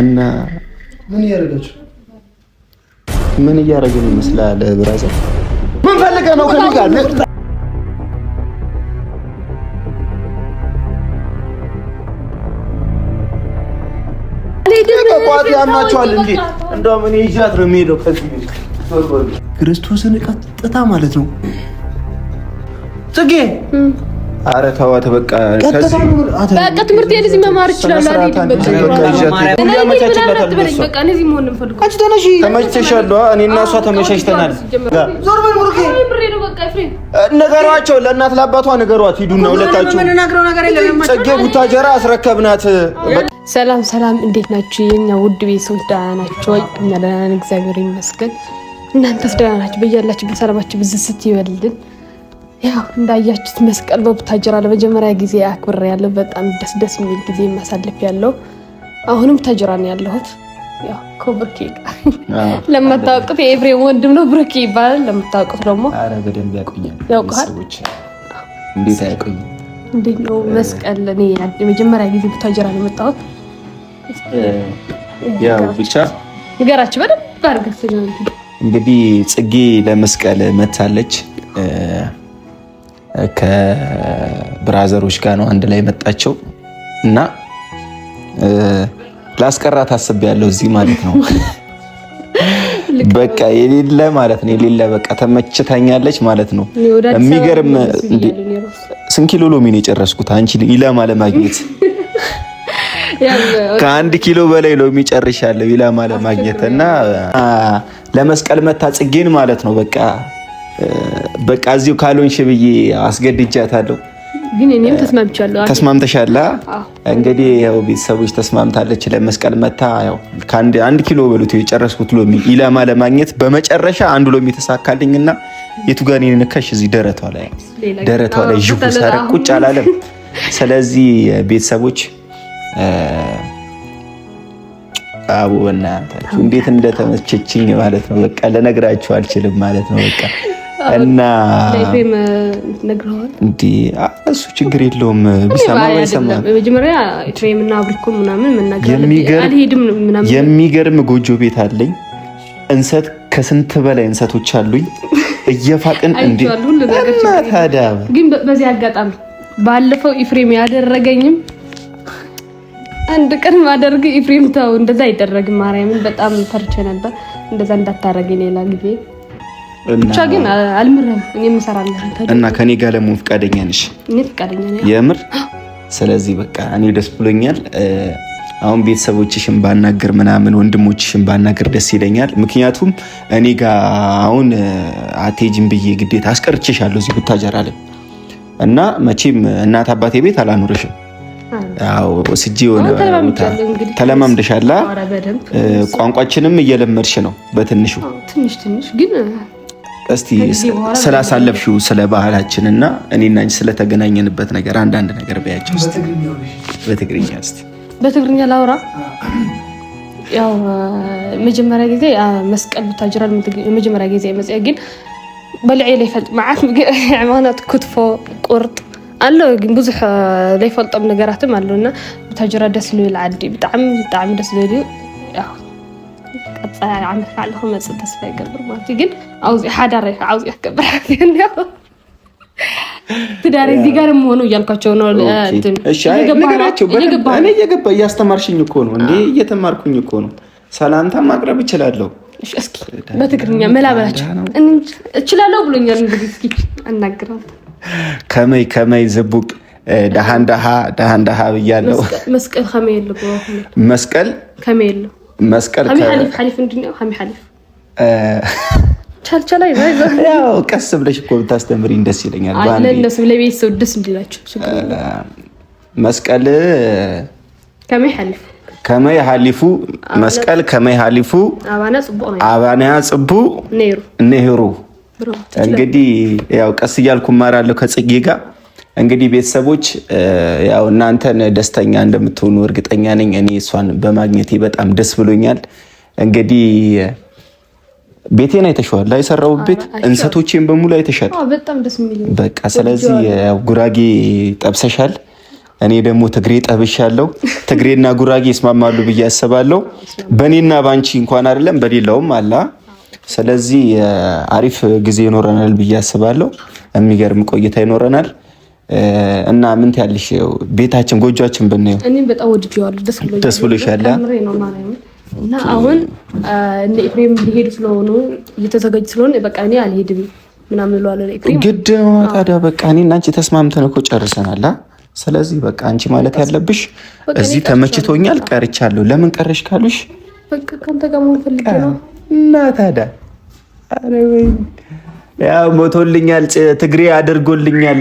እና ምን እያደረገች ምን እያደረግን ይመስላል? ብራዘር ምን ፈልገ ነው ከሚጋል እንዴ? እንደውም ነው ከዚህ ክርስቶስን ቀጥታ ማለት ነው ጽጌ አረ ተዋት በቃ በቃ ትምህርት የዚህ መማር ይችላል አይደል? ተመችተሻል። እኔ እና እሷ ተመቻችተናል። ነገሯቸው፣ ለእናት ለአባቷ ነገሯት። ሂዱና ሁለታችሁ ጽጌ ቡታጀራ አስረከብናት። ሰላም ሰላም፣ እንዴት ናችሁ የኛ ውድ ቤተሰቦች? ደህና ናችሁ? እኛ ደህና ነን፣ እግዚአብሔር ይመስገን። እናንተስ ደህና ናችሁ? በያላችሁ ሰላማችሁ ብዝስት ይበልልን። ያው እንዳያችሁት መስቀል በቡታጀራ ለመጀመሪያ ጊዜ አክብሬ ያለው በጣም ደስ ደስ የሚል ጊዜ ማሳለፍ ያለው። አሁንም ቡታጀራ ነው ያለሁት። ያው ከብሩኬ ጋር ለምታውቁት የኤፍሬም ወንድም ነው ብሩኬ ይባላል። ለምታውቁት ደግሞ ኧረ በደንብ ያቆኛል ያውቃል እንዴት አይቆይም? እንዴት ነው መስቀል እኔ የመጀመሪያ ጊዜ ቡታጀራ ነው የመጣሁት። ያው ብቻ ንገራችሁ በደንብ አድርገህ እንግዲህ ጽጌ ለመስቀል መታለች። ከብራዘሮች ጋር ነው አንድ ላይ መጣቸው እና ላስቀራ ታስብ ያለው እዚህ ማለት ነው። በቃ የሌለ ማለት ነው የሌለ በቃ ተመችታኛለች ማለት ነው። የሚገርም ስንት ኪሎ ሎሚ ነው የጨረስኩት? አንቺ ኢላማ ለማግኘት ከአንድ ኪሎ በላይ ሎሚ ጨርሻለሁ ኢላማ ለማግኘት እና ለመስቀል መታ ጽጌን ማለት ነው በቃ በቃ እዚሁ ካልሆንሽ ብዬ አስገድጃታለሁ። ግን እኔም ተስማምቻለሁ። ተስማምተሻል? እንግዲህ ያው ቤተሰቦች ተስማምታለች። ለመስቀል መታ ያው ከአንድ አንድ ኪሎ በሉት የጨረስኩት ሎሚ ኢላማ ለማግኘት በመጨረሻ አንድ ሎሚ ተሳካልኝና የቱ ጋር እኔን እዚህ ደረቷ ላይ ደረቷ ላይ ዥቡ ሳረ ቁጭ አላለም። ስለዚህ ቤተሰቦች አቡ በእናታችሁ እንዴት እንደተመቸችኝ ማለት ነው። በቃ ልነግራችሁ አልችልም ማለት ነው በቃ እና እሱ ችግር የለውም ቢሰማ ባይሰማ የሚገርም ጎጆ ቤት አለኝ። እንሰት ከስንት በላይ እንሰቶች አሉኝ። እየፋቅን እንዴ እና ታዲያ ግን በዚህ አጋጣሚ ባለፈው ኢፍሬም ያደረገኝም አንድ ቀን ማደርግ ኢፍሬም ተው፣ እንደዛ አይደረግም። ማርያምን በጣም ፈርቼ ነበር። እንደዛ እንዳታረገኝ ሌላ ጊዜ ብቻ ግን አልምረም። እኔ የምሰራለሁ እና ከኔ ጋር ለመሆን ፍቃደኛ ነሽ? እኔ ፈቃደኛ ነኝ የምር። ስለዚህ በቃ እኔ ደስ ብሎኛል። አሁን ቤተሰቦችሽን ባናገር ምናምን ወንድሞችሽን ባናገር ደስ ይለኛል። ምክንያቱም እኔ ጋር አሁን አቴጅን ብዬ ግዴታ አስቀርቼሻለሁ እዚህ ቡታጀራ ላይ እና መቼም እናት አባቴ ቤት አላኑርሽም አዎ ስጂ የሆነ ተለማምደሻላ፣ ቋንቋችንም እየለመድሽ ነው በትንሹ ትንሽ ትንሽ ግን እስቲ ስላሳለፍሽው ስለ ባህላችን እና እኔና ስለተገናኘንበት ነገር አንዳንድ ነገር በያቸው። በትግርኛ ስ በትግርኛ ላውራ። ያው መጀመሪያ ጊዜ መስቀል ብታጅራል መጀመሪያ ጊዜ መፅ ግን በልዐ ዘይፈልጥ መዓት ሃይማኖት ክትፎ ቁርጥ ኣሎ ግን ብዙሕ ዘይፈልጦም ነገራትም ኣለና ብታጅራ ደስ ዝብል ዓዲ ብጣዕሚ ብጣዕሚ ደስ ዝብል እዩ ቀፃሊ ዓመት ከዓ ንክመፅእ ተስፋ ይገብር ማለት እዩ ግን ኣብዚኡ ሓዳር ይከ ኣብዚኡ ክገብር ትዳር እዚህ ጋር መሆኑ እያልኳቸው ነው። እኔ እየገባ እያስተማርሽኝ እኮ ነው እንዴ እየተማርኩኝ እኮ ነው። ሰላምታ ማቅረብ እችላለሁ። እስኪ በትግርኛ መላበላቸው እችላለሁ ብሎኛል። እንግዲህ እስኪ አናግረው ከመይ ከመይ ዝቡቅ ደሃ ንደሃ ደሃ ንደሃ ብያለሁ። መስቀል ከመይ የለ መስቀል ከመይ የለው መስቀል ያው ቀስ ብለሽ እኮ ብታስተምሪኝ ደስ ይለኛል። ለቤተሰብ ደስ እንዲላቸው መስቀል ከመይ ሀሊፉ መስቀል ከመይ ሀሊፉ አባንያ ጽቡ ኔሩ እንግዲህ ያው ቀስ እያልኩ እማራለሁ ከጽጌ ጋር እንግዲህ ቤተሰቦች ያው እናንተን ደስተኛ እንደምትሆኑ እርግጠኛ ነኝ። እኔ እሷን በማግኘቴ በጣም ደስ ብሎኛል። እንግዲህ ቤቴን አይተሸዋል፣ የሰራሁት ቤት እንሰቶቼን በሙሉ አይተሻል። በቃ ስለዚህ ጉራጌ ጠብሰሻል፣ እኔ ደግሞ ትግሬ ጠብሻለሁ። ትግሬና ጉራጌ ይስማማሉ ብዬ አስባለሁ። በእኔና በአንቺ እንኳን አይደለም በሌላውም አላ ስለዚህ አሪፍ ጊዜ ይኖረናል ብዬ አስባለሁ። የሚገርም ቆይታ ይኖረናል። እና ምንት ትያለሽ? ቤታችን ጎጆችን ብናየው እኔም በጣም ወድጄዋለሁ። ደስ ብሎሻል? እና አሁን እነ ኤፍሬም ሊሄዱ ስለሆኑ እየተዘጋጅ ስለሆነ በቃ እኔ አልሄድም ምናምን እለዋለሁ ለኤፍሬም። ግድ ነው ታዲያ። በቃ እኔ እና አንቺ ተስማምተን እኮ ጨርሰናል። ስለዚህ በቃ አንቺ ማለት ያለብሽ እዚህ ተመችቶኛል፣ ቀርቻለሁ። ለምን ቀረሽ ካሉሽ በቃ ከአንተ ጋር መሆን ፈልጌ ነው። እና ታዲያ ያው ሞቶልኛል፣ ትግሬ አድርጎልኛል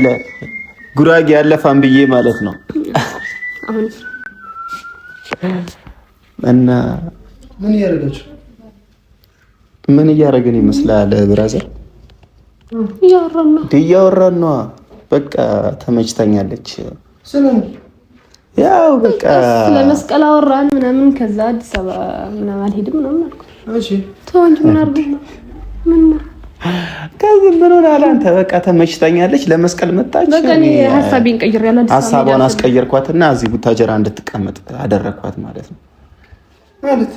ጉራጌ ያለፋን ብዬ ማለት ነው እና ምን እያደረገች ምን እያደረግን ይመስላል? ብራዘር እያወራን ነዋ። በቃ ተመችታኛለች። ያው በቃ ስለ መስቀል አወራን ምናምን። ከዛ አዲስ አበባ ምናምን አልሄድም ምናምን አልኩት። እሺ ተወንጅ ምን ምን ነው ከዚህ ምን ሆናለህ አንተ? በቃ ተመችታኛለች፣ ለመስቀል መጣች። ሀሳቧን አስቀየርኳትና እዚህ ቡታጀራ እንድትቀመጥ አደረግኳት ማለት ነው። ማለት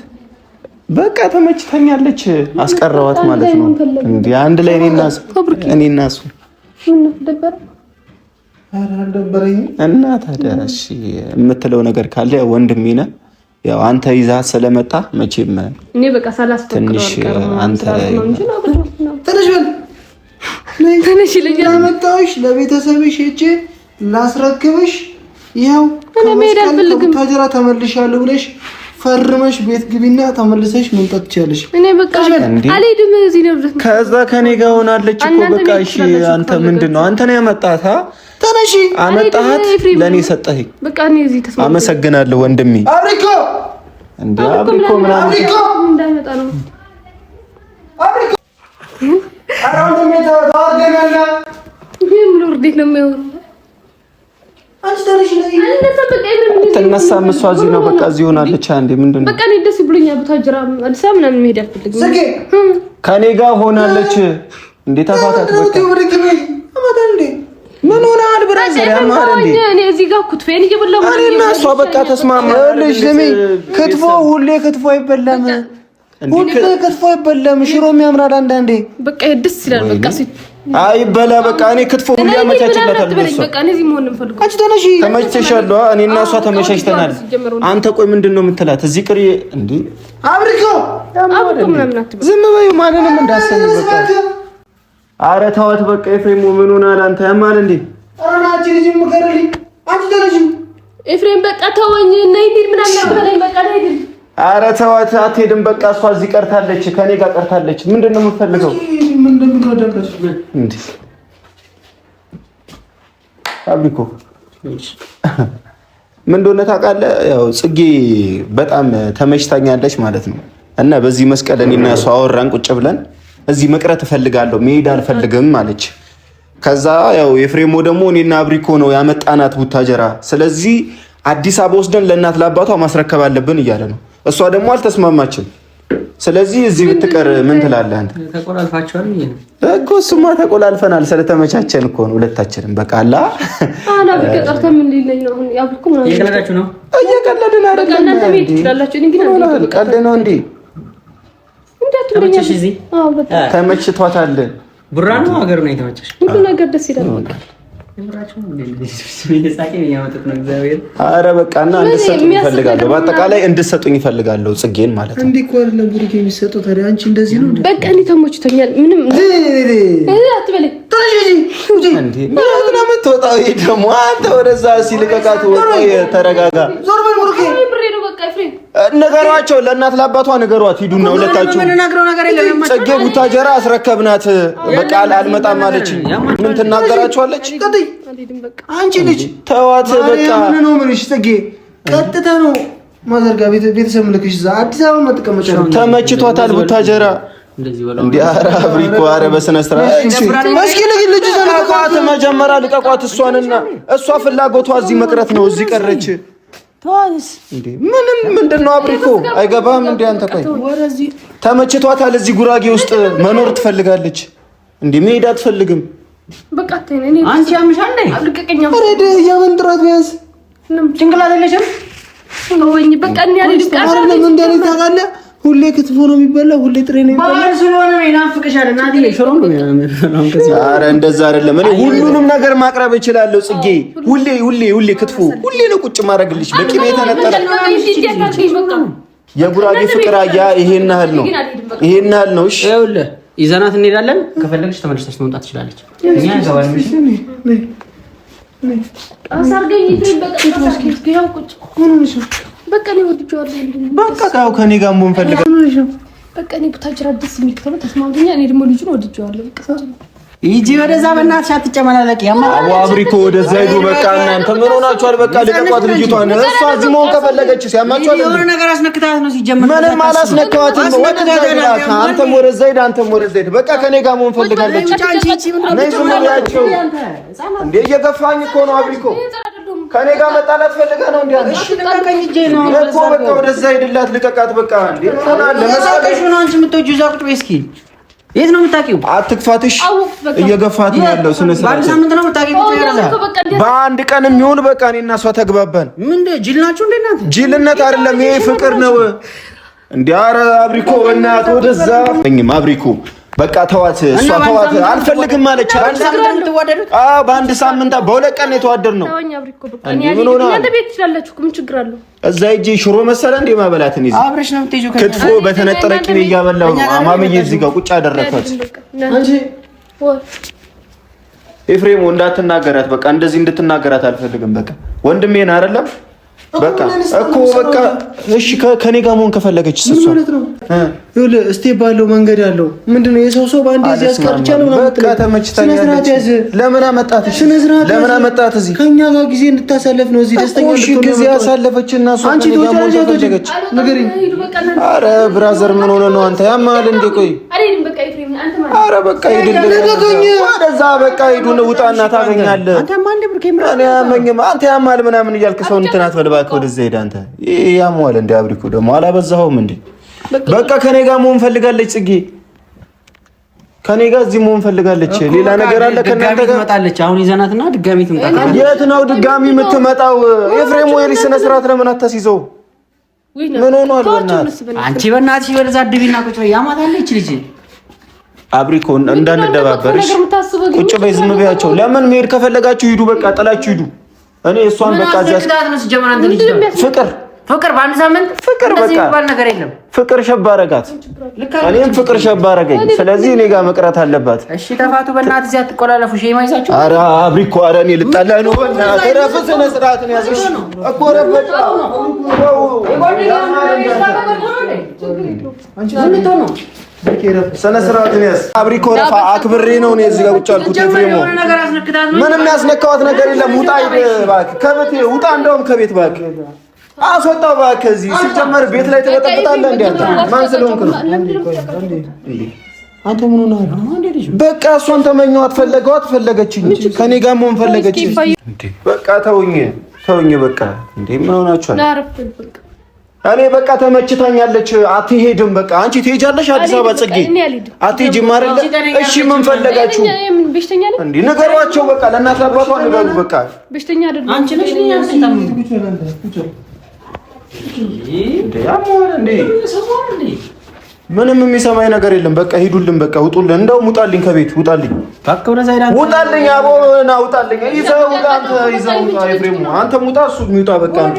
በቃ ተመችታኛለች፣ አስቀረዋት ማለት ነው። እንደ አንድ ላይ እኔና እሱ እና ታዲያ እሺ የምትለው ነገር ካለ ወንድሜ ነህ ያው አንተ ይዛ ስለመጣ መቼም እኔ በቃ ሳላስተካክለው አንተ ነው ተነሽ በል ተነሽ ይለኛል። ላመጣሁሽ ለቤተሰብሽ ሂጅ ላስረክብሽ። ይኸው ተመልሻለሁ ብለሽ ፈርመሽ ቤት ግቢና ተመልሰሽ መምጣት ትችያለሽ። እኔ በቃ አልሄድም እዚህ ነው። ከዛ ከኔ ጋር ሆናለች እኮ በቃ። እሺ አንተ ምንድን ነው አንተ ነው ተነሺ ለእኔ ሰጠኸኝ። በቃ እኔ እዚህ አመሰግናለሁ ወንድሜ። አብሪኮ አብሪኮ ምናምን አብሪኮ እንዳመጣ ነው አብሪኮ አትነሳም። እሷ እዚህ ነው በቃ እዚህ ሆናለች። አንዴ ምንድን ነው በቃ እኔ ደስ ብሎኛል። ብታጅራ አዲስ አበባ ምናምን መሄድ አልፈልግም። ከኔ ጋር ሆናለች። እንዴት አፋታት በቃ ምን እኔ እዚህ ጋር ክትፎዬን እየበላሁ እሷ በቃ ተስማማ። ክትፎ ሁሌ ክትፎ አይበላም። ክትፎ ይበላም ሽሮም ያምራል። አንዳንዴ በቃ ደስ ይላል። በቃ አይበላ በቃ እኔ ክትፎ ሁሌ አመቻችላታል። አንቺ ተነሺ፣ ተመችተሻል። እኔ እና እሷ ተመቻችተናል። አንተ ቆይ ምንድን ነው የምትላት? እዚህ ቅሪ እንዴ አብሪከው ዝም በይ፣ ማንንም እንዳሰኝ በቃ። ኧረ ተዋት በቃ። ኤፍሬም ምን ሆናል? አንተ ያማል እንዴ? ኤፍሬም በቃ ተወኝ፣ ነይ እንሂድ ምናምን በቃ አረ ተዋት፣ አትሄድም። በቃ እሷ እዚህ ቀርታለች፣ ከኔ ጋር ቀርታለች። ምንድን ነው የምትፈልገው? አብሪኮ ምን እንደሆነ ታውቃለህ? ያው ጽጌ በጣም ተመችታኛለች ማለት ነው። እና በዚህ መስቀል እኔና እሷ አወራን ቁጭ ብለን። እዚህ መቅረት እፈልጋለሁ፣ መሄድ አልፈልግም አለች። ከዛ ያው የፍሬሞ ደግሞ እኔና አብሪኮ ነው ያመጣናት ቡታጀራ። ስለዚህ አዲስ አበባ ወስደን ለእናት ለአባቷ ማስረከብ አለብን እያለ ነው እሷ ደግሞ አልተስማማችም። ስለዚህ እዚህ ብትቀር ምን ትላለህ አንተ? ተቆላልፋችኋል እኮ። እሱማ ተቆላልፈናል፣ ስለተመቻቸን እኮ ነው ሁለታችንም። በቃ አላ እየቀለድን አይደለም። ቀልድ ነው እንዴ? ተመችቷታል። ቡራ ነው ሀገር ነው የተመቸሽ። ሁሉ ነገር ደስ ይላል። አረ በቃ እና እንድሰጡኝ ይፈልጋለሁ። በአጠቃላይ እንድሰጡኝ ይፈልጋለሁ ጽጌን ማለት ነው። እንዴ ኮር ለቡሩክ የሚሰጠው ታዲያ አንቺ እንደዚህ ነው። በቃ እኔ ተሞችቶኛል። ምንም አትበለኝ። ደግሞ አንተ ወደዛ ሲልቀቃት ወጣ። ተረጋጋ ነገሯቸው፣ ለእናት ለአባቷ ነገሯት። ሂዱ ነው ሁለታችሁ ጽጌ ቡታጀራ አስረከብናት። በቃ አልመጣም አለችኝ። ምን ትናገራችኋለች? አንቺ ልጅ ተዋት። በቃ ነው ምንሽ ቀጥታ ነው ማዘርጋ ቤተሰብ ልክሽ እዛ አዲስ አበባ መጥቀመጫ ነው። ተመችቷታል ቡታጀራ እንዲህ ኧረ ልጅ ልጅ ዘንድ ልቀቋት፣ ልቀቋት። እሷንና እሷ ፍላጎቷ እዚህ መቅረት ነው። እዚህ ቀረች። ምንም ምንድን ነው አብሪኮ አይገባም። እንደ አንተ ቆይ ተመችቷታል። እዚህ ጉራጌ ውስጥ መኖር ትፈልጋለች። እንዴ መሄድ አትፈልግም። በቃ አንቺ እንዴ? ቢያንስ በቃ እንዴ ሁሌ ክትፎ ነው የሚበላው፣ ሁሌ ጥሬ ነው የሚበላ። ባህል ስለሆነ ነው ይናፍቅሻል። እናቴ ሽሮ ነው የሚበላው። ኧረ እንደዛ አይደለም። እኔ ሁሉንም ነገር ማቅረብ እችላለሁ ጽጌ። ሁሌ ሁሌ ሁሌ ክትፎ ሁሌ ነው ቁጭ ማድረግልሽ። በቂቤ የተነጠረ የጉራጌ ፍቅር አያ ይሄን ያህል ነው፣ ይሄን ያህል ነው። እሺ ይኸውልህ፣ ይዘናት እንሄዳለን። ከፈለግሽ ተመልሰሽ መምጣት ትችላለች። እኛ ያዘባልሽ ሰርገኝ በቃ ነው ወድጄዋለሁ። በቃ ካው ከኔ ጋር ምን ፈልጋለሁ? በቃ ነው ቡታጅራ ደስ የሚል ከተማ ተስማምቶኛል። እኔ ደግሞ ልጁን ወድጄዋለሁ። በቃ ወደዛ በእናትሽ አትጨመላለቂ። አዎ አብሪ ወደዛ ሂዱ። በቃ እናንተ ምን ሆናችኋል? በቃ ልቀቋት ልጅቷን። እሷ እዚህ መሆን ከፈለገች ሲያማችኋል የሆነ ነው። አንተም ወደዛ ሂድ፣ አንተም ወደዛ ሂድ። በቃ ከኔ ጋር መሆን ፈልጋለች። እየገፋኝ እኮ ነው አብሪ ከኔ ጋር መጣላት ፈልጋ ነው እንዴ? እሺ፣ ልቀቀኝ። እጄ ነው እኮ በቃ ወደዛ ሄድላት፣ ልቀቃት። በቃ እንዴ ተናለ መሳቀሽ ነው አንቺ የምትወጂው። እዛ ቁጭ በይ እስኪ። የት ነው የምታውቂው? አትክፋትሽ፣ እየገፋት ነው ያለው። ስነ ስርዓት በአንድ ሳምንት ነው የምታውቂው። በአንድ ቀን የሚሆን በቃ እኔ እና እሷ ተግባባን። ምን ጅል ናችሁ እንዴ እናንተ? ጅልነት አይደለም ይሄ ፍቅር ነው እንዴ። ኧረ አብሪኮ እናት ወደዛ አብሪኮ በቃ ተዋት፣ እሷ ተዋት፣ አልፈልግም ማለች። በአንድ ሳምንት በሁለት ቀን የተዋደር ነው። እዛ ሂጅ ሽሮ መሰለ እንደ ማበላትን ክትፎ በተነጠረ ቅቤ እያበላው ነው። አማምዬ እዚህ ጋር ቁጭ አደረግኳት። ኤፍሬም እንዳትናገራት፣ በቃ እንደዚህ እንድትናገራት አልፈልግም። በቃ ወንድሜን አይደለም በቃ እኮ በቃ እሺ፣ ከኔ ጋር መሆን ከፈለገች ስሱ እስቴ ባለው መንገድ ያለው ምንድነው የሰው ሰው በአንድ ዚ አስቀርቻ ነው። በቃ ከኛ ጋር ጊዜ እንድታሳለፍ ነው። እዚህ ደስተኛ ጊዜ አሳለፈች እና እሱ ከኔ ጋር ኧረ ብራዘር ምን ሆነ ነው አንተ? ያማል እንዴ? ቆይ አረ በቃ ወደዛ በቃ ሂዱ ውጣና ታገኛለህ። እኔ አያመኝም አንተ ያማል ምናምን እያልክ ሰው እንትን አትበል እባክህ። ወደዛ ሄድ አንተ ያሟል። እንደ አብሪኩ ደግሞ አላበዛኸውም እንዴ? በቃ ከኔ ጋር መሆን ፈልጋለች ጽጌ ከኔ ጋር እዚህ መሆን ፈልጋለች። ሌላ ነገር አለ። ከእናንተ ጋር ትመጣለች። አሁን ይዘናትና ድጋሚ ትመጣለች። የት ነው ድጋሚ የምትመጣው? ኤፍሬም ወይሪ ስነ ስርዓት ለምን አታስይዘው? ምን ሆኖ ሆኗል? አንቺ በእናትሽ ወደዛ ድቢና ቁጭ ያማታለች ልጅ አብሪኮን እንዳንደባበር ቁጭ በይ፣ ዝም ብያቸው። ለምን መሄድ ከፈለጋችሁ ሂዱ፣ በቃ ጥላችሁ ሂዱ። እኔ እሷን በቃ ፍቅር ፍቅር በአንድ ሳምንት ፍቅር በቃ ነገር የለም። ፍቅር ሸባ አረጋት፣ እኔም ፍቅር ሸባ አረገኝ። ስለዚህ እኔ ጋር መቅረት አለባት። እሺ ተፋቱ፣ በእናትህ እዚህ አትቆላለፉ። እሺ የማይዛችሁ ኧረ አብሪ እኮ ኧረ እኔ ልጣላ ነው እኮ ስነ ስርዓትን ያዝ። አብሪኮ ረፋ አክብሬ ነው እኔ እዚህ ጋር ቁጭ አልኩት። ፍሬሞ ምንም ያስነካዋት ነገር የለም። ውጣ እባክህ ከቤት ውጣ። እንደውም ከቤት እባክህ አስወጣው እባክህ። ከዚህ ሲጀመር ቤት ላይ ተበጠብጣለህ። እንዴ አንተ ማን ስለሆንክ ነው? አንተ ምን ሆነሃል? በቃ እሷን ተመኘኋት፣ ፈለገኋት፣ ፈለገችኝ፣ ከኔ ጋር መሆን ፈለገችኝ። በቃ ተውኝ፣ ተውኝ። በቃ እንዴ ምን ሆናችኋል? እኔ በቃ ተመችታኛለች። አትሄድም። በቃ አንቺ ትሄጃለሽ አዲስ አበባ። ጽጌ አትሄጂም አይደለ? እሺ ምን ፈለጋችሁ? እንዴ? ንገሯቸው በቃ ለእናት አባቷ ንገሩ። በቃ በሽተኛ አይደለም አንቺ ነሽ። ምንም የሚሰማኝ ነገር የለም። በቃ ሂዱልን፣ በቃ ውጡልን። እንደው ሙጣልኝ፣ ከቤት ውጣልኝ፣ ውጣልኝ፣ አቦ ና ውጣልኝ። ይዘው አንተ ይዘው አንተ ሙጣ፣ እሱ የሚውጣ በቃ አንተ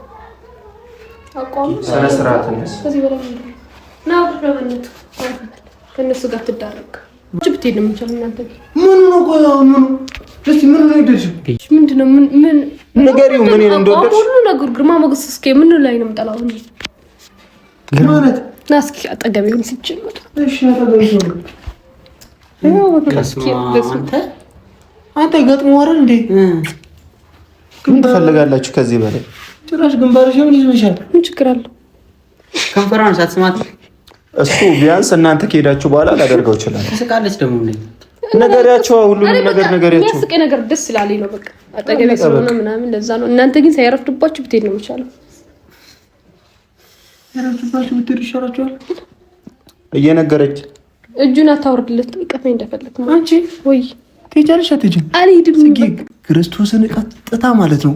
ስነ ስርዓት ከእነሱ ጋር ትዳረግ ብትሄድ ነው የምንችለው። እናንተ ምኑ ነው ቆይ፣ ምኑ እስኪ ምኑ ነው የሄደችው? ምንድን ነው ምን ንገሪው፣ ምን እንደወደድሽ ሁሉ ነገር ግርማ ሞገስ። እስኪ ምኑ ላይ ነው የምጠላው? ና እስኪ አጠገቤም ሲጀመር እሺ፣ አንተ ገጥሞ አይደል እንዴ? ምን ትፈልጋላችሁ ከዚህ በላይ? ጭራሽ ግንባርሽ ምን ይዝምሻል? ምን ችግር አለው? ከንፈሯን ሳትስማት እሱ ቢያንስ እናንተ ከሄዳችሁ በኋላ ላደርገው ይችላል። ስቃለች ደግሞ ነገሪያቸው ሁሉንም ነገር ነገሪያቸው የሚያስቀኝ ነገር ደስ ይላል ነው በቃ አጠገቤ ስለሆነ ምናምን ለዛ ነው። እናንተ ግን ሳይረፍድባችሁ ብትሄድ ነው የሚሻለው። ሳይረፍድባችሁ ብትሄድ ይሻላችኋል። እየነገረች እጁን አታወርድለት። ቀፈኝ እንደፈለግ አንቺ ወይ ትሄጃለሽ አትሄጂም? አልሄድም። ክርስቶስን ቀጥታ ማለት ነው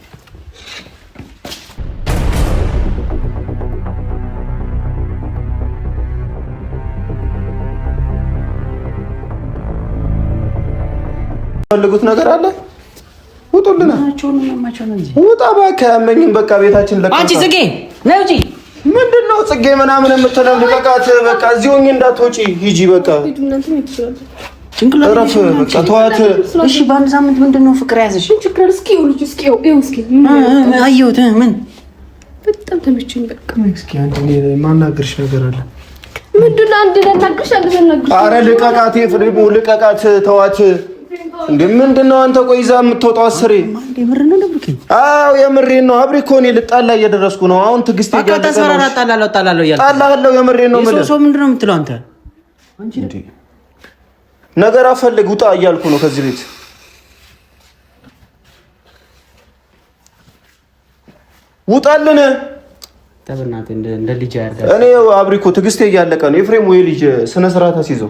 የምትፈልጉት ነገር አለ። ውጡልና ውጣ እባክህ። አያመኝም። በቃ ቤታችን ለቀ። አንቺ ጽጌ ነይ ውጪ። ምንድን ነው ጽጌ ምናምን የምትለው? በቃት። በቃ እዚህ ሆኜ እንዳትወጪ። ሂጂ በቃ እረፍ በቃ ተዋት። እሺ በአንድ ሳምንት ምንድን ነው ፍቅር ያዘሽ? አየሁት ምን በጣም ተመቸኝ። በቃ እስኪ አንድ ማናገርሽ ነገር አለ። ምንድን ነው አንድ ልናገርሽ? ኧረ ልቀቃት፣ ፍሬሙ ልቀቃት፣ ተዋት እንዴ ምንድን ነው አንተ? ቆይ ይዛ የምትወጣው አስሬ? አዎ የምሬን ነው። አብሪ እኮ እኔ ልጣላ እየደረስኩ ነው። አሁን ትዕግስት ይጋደል ተሰራራ ጣላለሁ፣ እያልኩ የምሬን ነው። ምንድን ነው የምትለው አንተ? ነገር አፈልግ፣ ውጣ እያልኩ ነው ከዚህ ቤት። ውጣልን ተብናት እንደ ልጅ ያርጋ። እኔ አብሪ እኮ ትዕግስቴ እያለቀ ነው። ኤፍሬም ወይ ልጅ ስነ ስርዓት አስይዘው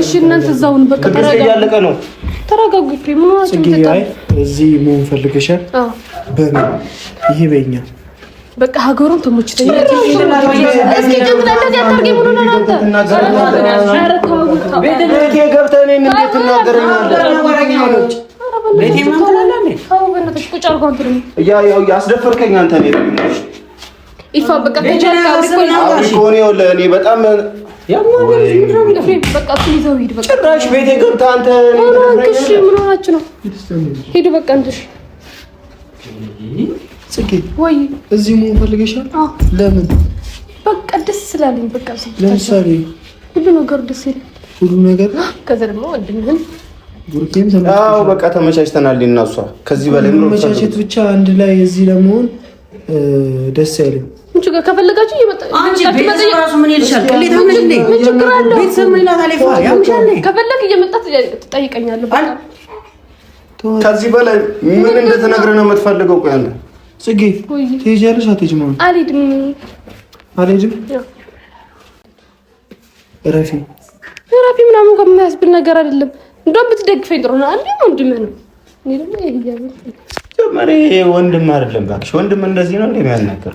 እሺ፣ እናንተ እዛው ነው። በቃ እያለቀ ነው። ተረጋጉ። እዚህ መሆን ፈልገሻል? በምን ይሄ በኛ በቃ ሀገሩን ተሞችተኝ። አስደፈርከኝ አንተ። ጭራሽ ቤቴ ገብታ አንተ ምን ሆናችሁ ነው? ሂዱ በቃ እንትሽ ጽጌ ወይ እዚህ መሆን ፈልገሻል? ለምን? በቃ ደስ ስላለኝ በቃ ለምሳሌ ሁሉ ነገር ደስ ይላል። ሁሉ ነገር ከዛ ደግሞ ወንድምህን አዎ በቃ ተመቻችተናል። ከዚህ በላይ መመቻቸት ብቻ አንድ ላይ እዚህ ለመሆን ደስ አይልም። ከፈለጋችሁ ከዚህ በላይ ምን እንደተናገረ ነው የምትፈልገው? ቆይ አለ ፅጌ ትሄጃለሽ አትሄጂም? አልሄድም አልሄድም እረፊ እረፊ ምናምን ጋር ነገር አይደለም። እንደውም ብትደግፈኝ ጥሩ ነው። አንዴ ወንድም ነው ወንድም አይደለም። እባክሽ ወንድም እንደዚህ ነው እንደሚያናገር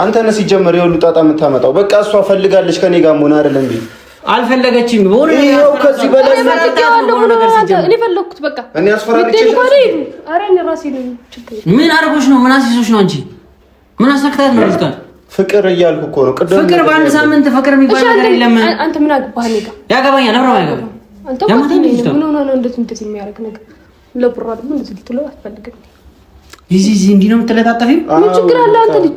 አንተ ነህ ሲጀመር የሁሉ ጣጣ የምታመጣው። በቃ እሷ ፈልጋለች ከኔ ጋር መሆን አይደለም እንዴ? አልፈለገችም። ወሩ ይሄው ከዚህ በላይ እኔ ፈለኩት። በቃ እኔ አስፈራሪቼ ምን አድርጎሽ ነው? ምን አስይዞሽ ነው? አንቺ ምን አስነክታት ነው? ልጅቷን ፍቅር እያልኩ እኮ ነው። ቅድም ፍቅር በአንድ ሳምንት ፍቅር የሚባል ነገር የለም። አንተ ምን አገባህ? እኔ ጋር ያገባኛል። አብረን ያገባ አንተ ምን ነው ነው እንደት እንደዚህ የሚያደርግ ነገር ለቡራ ደግሞ እንደዚህ ልትለው አትፈልግም። ይዚ ይህ እንዲህ ነው የምትለጣጠፊው? ምን ችግር አለ አንተ ልጅ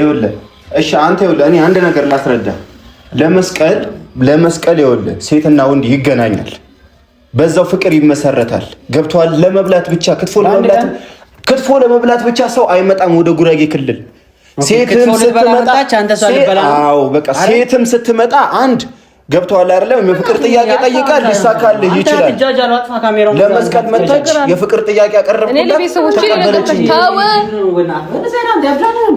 ይኸውልህ እሺ፣ አንተ ይኸውልህ፣ እኔ አንድ ነገር ላስረዳ። ለመስቀል ለመስቀል ይኸውልህ፣ ሴትና ወንድ ይገናኛል፣ በዛው ፍቅር ይመሰረታል። ገብቷል? ለመብላት ብቻ ክትፎ ለመብላት ክትፎ ለመብላት ብቻ ሰው አይመጣም ወደ ጉራጌ ክልል። ሴትም ስትመጣ አዎ፣ በቃ ሴትም ስትመጣ አንድ ገብቶሃል አይደለም? የፍቅር ጥያቄ ጠይቃል፣ ሊሳካልህ ይችላል። ለመስቀል መጣች፣ የፍቅር ጥያቄ አቀረብኩላት፣ ተቀበለችኝ።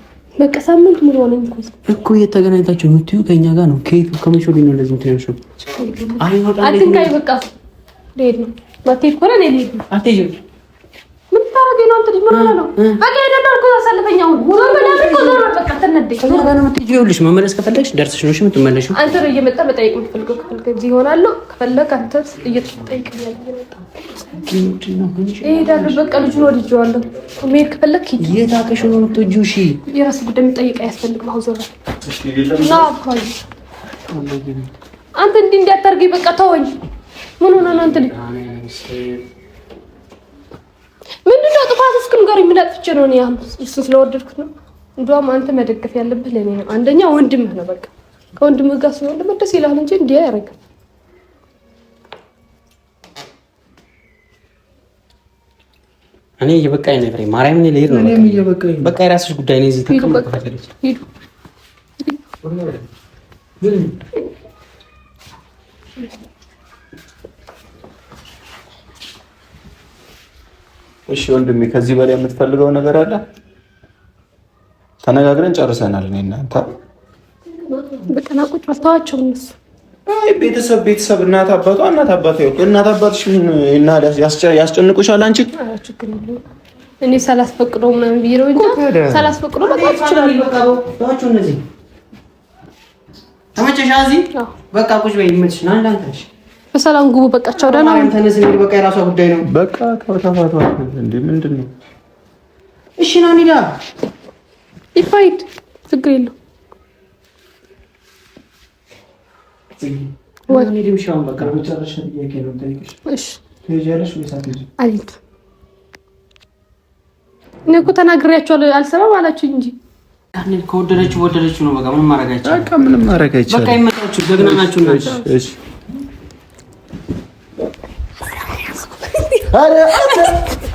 በቃ ሳምንት ሙሉ ሆነኝ እኮ እየተገናኝታቸው የምትዩ ከኛ ጋር ነው። ከየት ከመቼ ወዲህ ነው እንደዚህ ምትነሹ? አይወጣ አትንካይ። በቃ ሄድ ነው። ባትሄድ ከሆነ ሄድ ነው። አትሄጂም ይኸውልሽ መመለስ ከፈለግሽ ደርሰሽ ነው የምትመለሺው። አንተ ነው እየመጣህ መጠየቅ የምትፈልገው። ከፈልገህ እዚህ እሆናለሁ። ከፈለግህ አንተ እሄዳለሁ። በቃ ልጁን ወድጄዋለሁ። መሄድ ከፈለግህ ሂድ። ጉዳይ የምጠይቅ አያስፈልግም። አንተ እንዲህ እንዳታርገኝ። በቃ ተወኝ። ምን ሆነህ ነው አንተ ምንድን ነው ጥፋት? እስኪ ንገሪኝ። ምን አጥፍቼ ነው? እኔ እሱን ስለወደድኩት ነው። እንደውም አንተ መደገፍ ያለብህ ለእኔ ነው። አንደኛ ወንድምህ ነው። በቃ ከወንድምህ ጋር ስለወንድምህ ደስ ይላል እንጂ እንዲህ አያደርግም። እኔ እየበቃኝ ነው ኤፍሬም፣ ማርያምን ልሄድ ነው። በቃ የራስሽ ጉዳይ ነው። እዚህ ተቀምጠው እሺ ወንድሜ፣ ከዚህ በላይ የምትፈልገው ነገር አለ? ተነጋግረን ጨርሰናል። እኔ እናንተ በቀናቁጭ መስተዋቸው እነሱ አይ ቤተሰብ ቤተሰብ እናት አባቷ እናት አባቷ ይወቅ እናት አባትሽ ምን እና ያስጨንቁሻል? አንቺ እኔ ሳላስፈቅዶ ምናምን ብዬሽ ነው እንጂ ይችላል። በቃ ትችላለህ። ተመቸሽ? እዚህ በቃ ቁጭ በይ። ይመችሽ። አንተ በሰላም ጉቡ። በቃቸው ደህና በቃ የራሷ ጉዳይ ነው። በቃ ተፋቷ። እንዴ ምንድን ነው? እሺ ነው ኒዳ ይፋይድ ችግር የለው። እኔ እኮ ተናግሬያቸዋለሁ። አልሰማም አላችሁ እንጂ ከወደደችው ወደደችው ነው። በቃ ምንም ማድረግ አይቻልም። በቃ ምንም ማድረግ አይቻልም። በቃ ይመጣችሁ። ደግና ናችሁ። እሺ ማርያም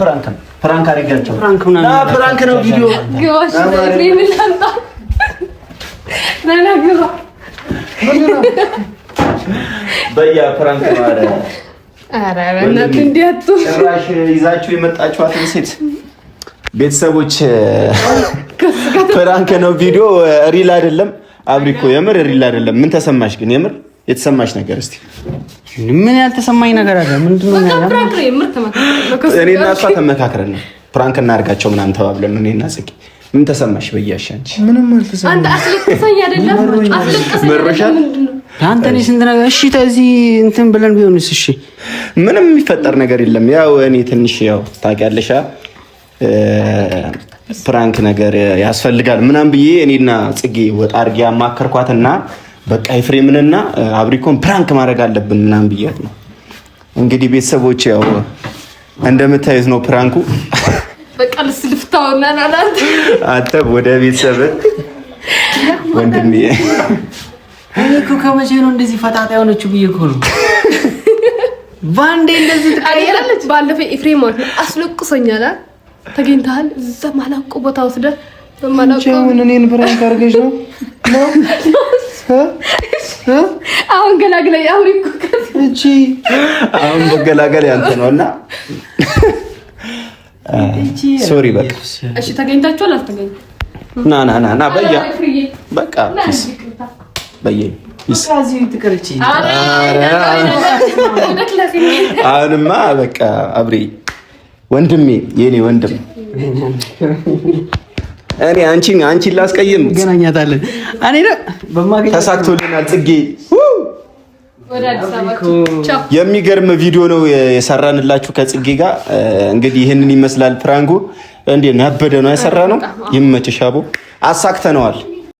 ፕራንክ ነው። ፕራንክ አደረጋቸው። ፕራንክ ነው ቪዲዮ በያ ፕራንክ ነው። ኧረ እንዲያቱ ጭራሽ ይዛችሁ የመጣችኋትን ሴት ቤተሰቦች ፍራንክ ነው። ቪዲዮ ሪል አይደለም። አብሪኮ የምር ሪል አይደለም። ምን ተሰማሽ ግን? የምር የተሰማሽ ነገር እስቲ ምን ያልተሰማኝ ነገር አለ? ምንድን ነው? እኔ እና እሷ ተመካክረን ነው ፕራንክ እናድርጋቸው ምናምን ተባብለን ነው። እኔ እና ጽጌ ምን ተሰማሽ? በያሽ አንቺ ምንም አልተሰማኝ አንተ እኔ ስንት ነገር እሺ፣ ተዚህ እንትን ብለን ቢሆንስ? እሺ ምንም የሚፈጠር ነገር የለም። ያው እኔ ትንሽ ያው ታውቂያለሽ ፕራንክ ነገር ያስፈልጋል ምናም ብዬ እኔና ጽጌ ወጣ አድርጌ አማከርኳትና በቃ ኤፍሬምንና አብሪኮን ፕራንክ ማድረግ አለብን ምናም ብያት ነው። እንግዲህ ቤተሰቦች ያው እንደምታዩት ነው ፕራንኩ። በቃ ልስልፍታውናን አላት። አንተ ወደ ቤተሰብ ወንድም እኮ ከመቼ ነው እንደዚህ ፈጣጣ የሆነችው ብዬ እኮ ነው ባንዴ እንደዚህ ባለፈው ኤፍሬም አስለቅሶኛል። ተገኝተሃል። እዛ ማላቆ ቦታ ወስደ ማላቆን እኔን ብራንክ አድርገሽ ነው። አሁን ገላግለኝ። አሁን እቺ አሁን መገላገል ያንተ ነው እና ሶሪ በቃ እሺ። ተገኝታችኋል አልተገኘ ና ና ና ና በያ በቃ በየ አሁንማ በቃ አብሬ ወንድሜ የኔ ወንድም እኔ አንቺን አንቺን ላስቀይም ገናኛታለን። እኔ ተሳክቶልናል። ጽጌ የሚገርም ቪዲዮ ነው የሰራንላችሁ ከጽጌ ጋር። እንግዲህ ይህንን ይመስላል ፕራንጎ። እንዴ ነበደ ነው የሰራ ነው። ይመችሽ አቦ፣ አሳክተነዋል።